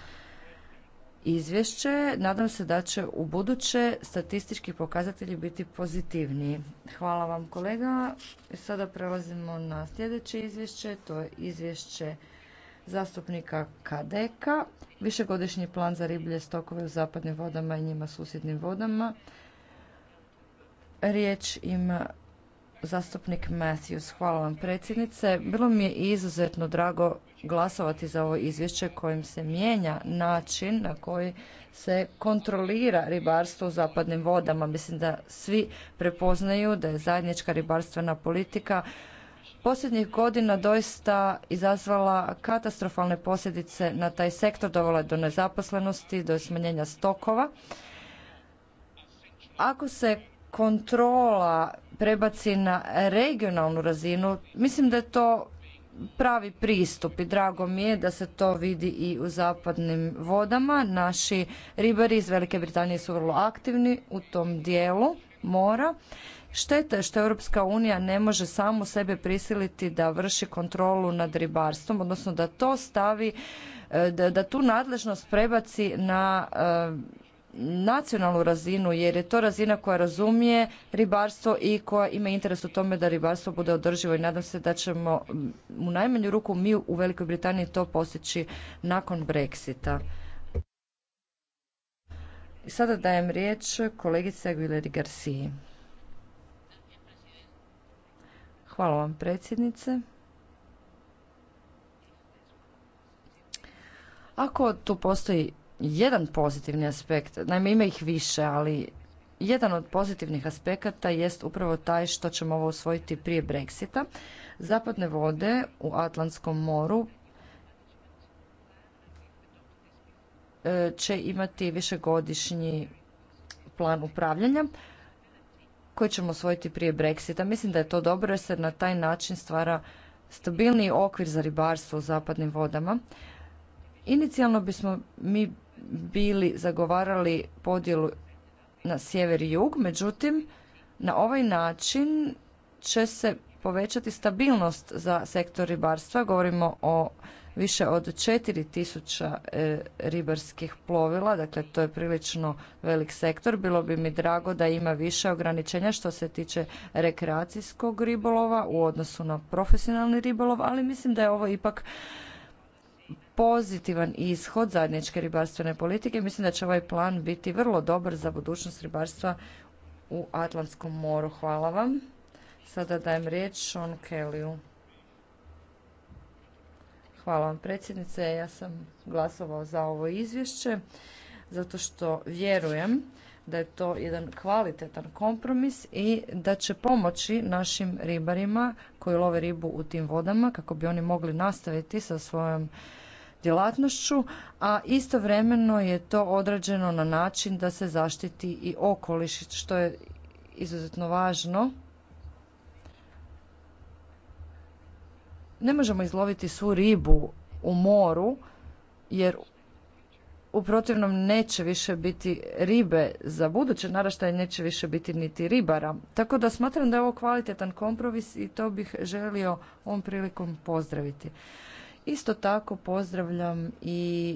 izvješće. Nadam se da će u buduće statistički pokazatelji biti pozitivniji. Hvala vam kolega. Sada prelazimo na sljedeće izvješće. To je izvješće zastupnika Kadeka, višegodišnji plan za riblje stokove u zapadnim vodama i njima susjednim vodama. Riječ ima zastupnik Matthews. Hvala vam predsjednice. Bilo mi je izuzetno drago glasovati za ovo izvješće kojim se mijenja način na koji se kontrolira ribarstvo u zapadnim vodama. Mislim da svi prepoznaju da je zajednička ribarstvena politika posljednjih godina doista izazvala katastrofalne posljedice na taj sektor, dovela je do nezaposlenosti, do smanjenja stokova. Ako se kontrola prebaci na regionalnu razinu, mislim da je to pravi pristup i drago mi je da se to vidi i u zapadnim vodama. Naši ribari iz Velike Britanije su vrlo aktivni u tom dijelu mora. Šteta je što Europska unija ne može samu sebe prisiliti da vrši kontrolu nad ribarstvom, odnosno da to stavi, e, da, tu nadležnost prebaci na e, nacionalnu razinu jer je to razina koja razumije ribarstvo i koja ima interes u tome da ribarstvo bude održivo i nadam se da ćemo u najmanju ruku mi u Velikoj Britaniji to postići nakon Brexita. I sada dajem riječ kolegice Aguileri Garciji. Hvala vam predsjednice. Ako tu postoji jedan pozitivni aspekt, naime ima ih više, ali jedan od pozitivnih aspekata jest upravo taj što ćemo ovo usvojiti prije Brexita. Zapadne vode u Atlantskom moru e, će imati višegodišnji plan upravljanja koji ćemo osvojiti prije Brexita. Mislim da je to dobro jer se na taj način stvara stabilniji okvir za ribarstvo u zapadnim vodama. Inicijalno bismo mi bili zagovarali podjelu na sjever i jug, međutim na ovaj način će se povećati stabilnost za sektor ribarstva. Govorimo o više od 4000 e, ribarskih plovila, dakle to je prilično velik sektor. Bilo bi mi drago da ima više ograničenja što se tiče rekreacijskog ribolova u odnosu na profesionalni ribolov, ali mislim da je ovo ipak pozitivan ishod zajedničke ribarstvene politike. Mislim da će ovaj plan biti vrlo dobar za budućnost ribarstva u Atlantskom moru. Hvala vam. Sada dajem riječ Sean Kellyu. Hvala vam predsjednice. Ja sam glasovao za ovo izvješće zato što vjerujem da je to jedan kvalitetan kompromis i da će pomoći našim ribarima koji love ribu u tim vodama kako bi oni mogli nastaviti sa svojom djelatnošću, a istovremeno je to odrađeno na način da se zaštiti i okoliš, što je izuzetno važno ne možemo izloviti svu ribu u moru jer u protivnom neće više biti ribe za buduće naraštaje neće više biti niti ribara tako da smatram da je ovo kvalitetan kompromis i to bih želio ovom prilikom pozdraviti isto tako pozdravljam i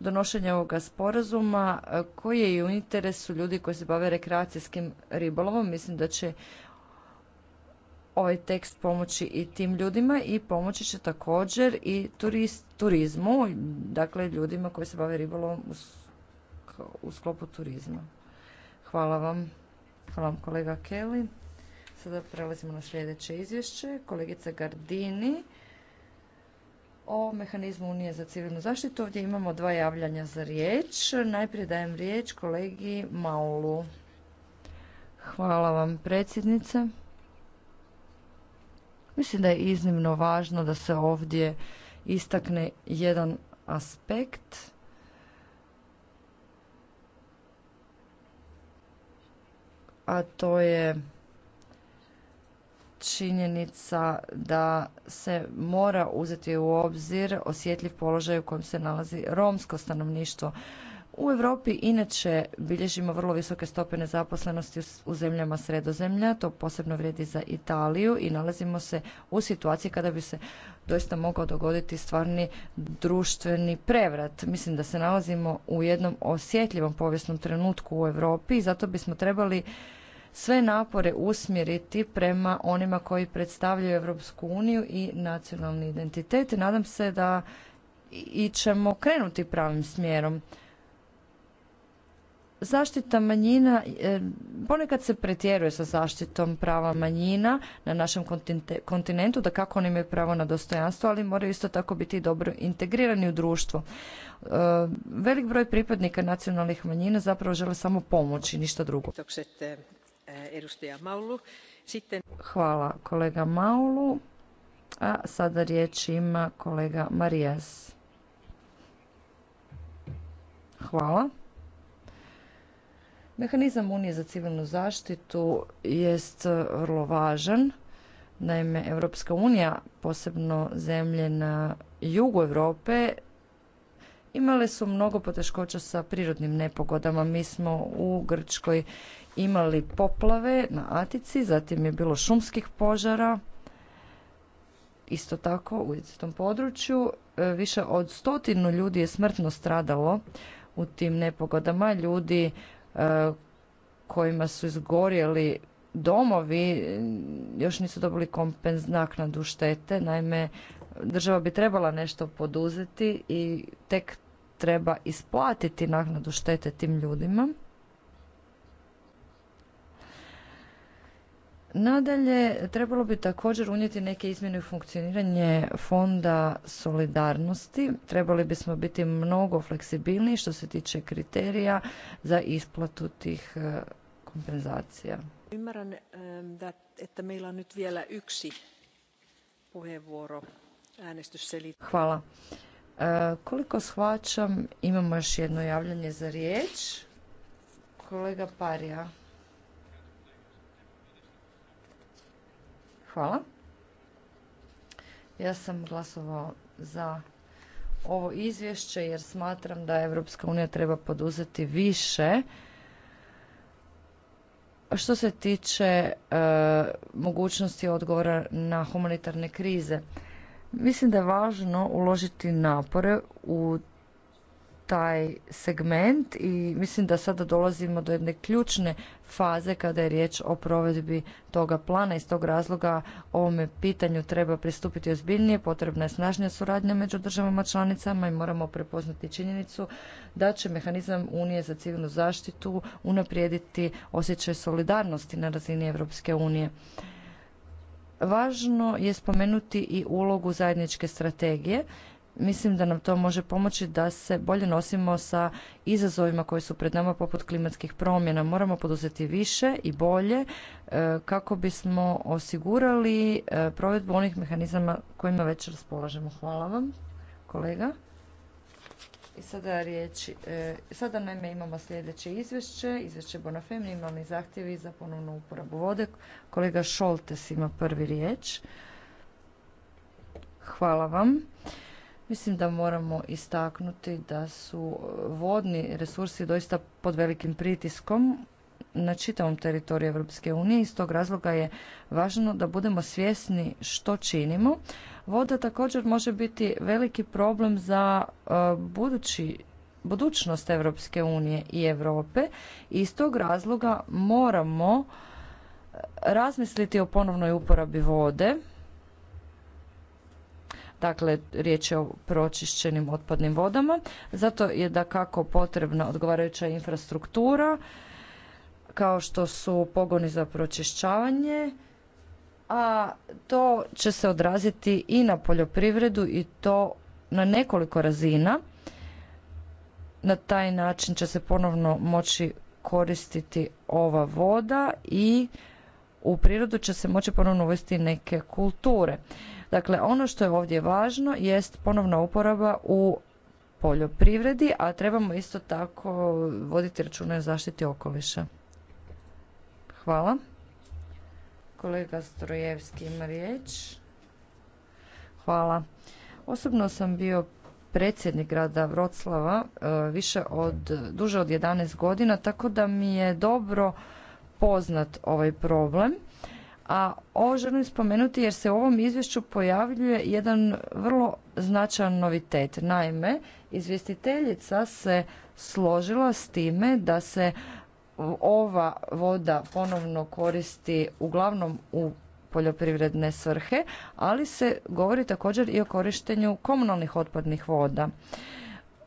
donošenje ovoga sporazuma eh, koji je i u interesu ljudi koji se bave rekreacijskim ribolovom mislim da će ovaj tekst pomoći i tim ljudima i pomoći će također i turizmu, dakle ljudima koji se bave ribolovom u sklopu turizma. Hvala vam. Hvala vam kolega Kelly. Sada prelazimo na sljedeće izvješće. Kolegica Gardini o mehanizmu Unije za civilnu zaštitu. Ovdje imamo dva javljanja za riječ. Najprije dajem riječ kolegi Maulu. Hvala vam predsjednice. Mislim da je iznimno važno da se ovdje istakne jedan aspekt a to je činjenica da se mora uzeti u obzir osjetljiv položaj u kojem se nalazi romsko stanovništvo. U Europi inače bilježimo vrlo visoke stope nezaposlenosti u zemljama sredozemlja, to posebno vrijedi za Italiju i nalazimo se u situaciji kada bi se doista mogao dogoditi stvarni društveni prevrat. Mislim da se nalazimo u jednom osjetljivom povijesnom trenutku u Europi i zato bismo trebali sve napore usmjeriti prema onima koji predstavljaju Europsku uniju i nacionalni identitet. Nadam se da i ćemo krenuti pravim smjerom zaštita manjina e, ponekad se pretjeruje sa zaštitom prava manjina na našem kontinentu da kako oni imaju pravo na dostojanstvo ali moraju isto tako biti dobro integrirani u društvo e, velik broj pripadnika nacionalnih manjina zapravo žele samo pomoći ništa drugo hvala kolega maulu a sada riječ ima kolega marijas hvala Mehanizam Unije za civilnu zaštitu jest e, vrlo važan. Naime, Europska unija, posebno zemlje na jugu Europe, imale su mnogo poteškoća sa prirodnim nepogodama. Mi smo u Grčkoj imali poplave na Atici, zatim je bilo šumskih požara, isto tako u istom području. E, više od stotinu ljudi je smrtno stradalo u tim nepogodama. Ljudi E, kojima su izgorjeli domovi još nisu dobili kompenz naknadu štete. Naime, država bi trebala nešto poduzeti i tek treba isplatiti naknadu štete tim ljudima. Nadalje, trebalo bi također unijeti neke izmjene u funkcioniranje fonda solidarnosti. Trebali bismo biti mnogo fleksibilniji što se tiče kriterija za isplatu tih e, kompenzacija. Ymmärrän, ähm, että meillä on nyt vielä yksi Hvala. E, koliko shvaćam, imamo još jedno javljanje za riječ. Kolega Parija. Hvala. Ja sam glasovao za ovo izvješće jer smatram da Europska unija treba poduzeti više što se tiče e, mogućnosti odgovora na humanitarne krize. Mislim da je važno uložiti napore u taj segment i mislim da sada dolazimo do jedne ključne faze kada je riječ o provedbi toga plana. Iz tog razloga ovome pitanju treba pristupiti ozbiljnije, potrebna je snažnija suradnja među državama članicama i moramo prepoznati činjenicu da će mehanizam Unije za civilnu zaštitu unaprijediti osjećaj solidarnosti na razini Europske unije. Važno je spomenuti i ulogu zajedničke strategije mislim da nam to može pomoći da se bolje nosimo sa izazovima koji su pred nama poput klimatskih promjena. Moramo poduzeti više i bolje e, kako bismo osigurali e, provedbu onih mehanizama kojima već raspolažemo. Hvala vam, kolega. I sada riječ, e, sada naime imamo sljedeće izvješće, izvješće Bonafem, minimalni zahtjevi za ponovnu uporabu vode. Kolega Šoltes ima prvi riječ. Hvala vam. Mislim da moramo istaknuti da su e, vodni resursi doista pod velikim pritiskom na čitavom teritoriju Europske unije. Iz tog razloga je važno da budemo svjesni što činimo. Voda također može biti veliki problem za e, budući budućnost Europske unije i Europe. Iz tog razloga moramo e, razmisliti o ponovnoj uporabi vode Dakle, riječ je o pročišćenim otpadnim vodama. Zato je da kako potrebna odgovarajuća infrastruktura, kao što su pogoni za pročišćavanje, a to će se odraziti i na poljoprivredu i to na nekoliko razina. Na taj način će se ponovno moći koristiti ova voda i u prirodu će se moći ponovno uvesti neke kulture. Dakle, ono što je ovdje važno jest ponovna uporaba u poljoprivredi, a trebamo isto tako voditi računa o zaštiti okoliša. Hvala. Kolega Strojevski ima riječ. Hvala. Osobno sam bio predsjednik grada Vroclava e, više od, duže od 11 godina, tako da mi je dobro poznat ovaj problem. A ovo želim spomenuti jer se u ovom izvješću pojavljuje jedan vrlo značajan novitet. Naime, izvjestiteljica se složila s time da se ova voda ponovno koristi uglavnom u poljoprivredne svrhe, ali se govori također i o korištenju komunalnih otpadnih voda.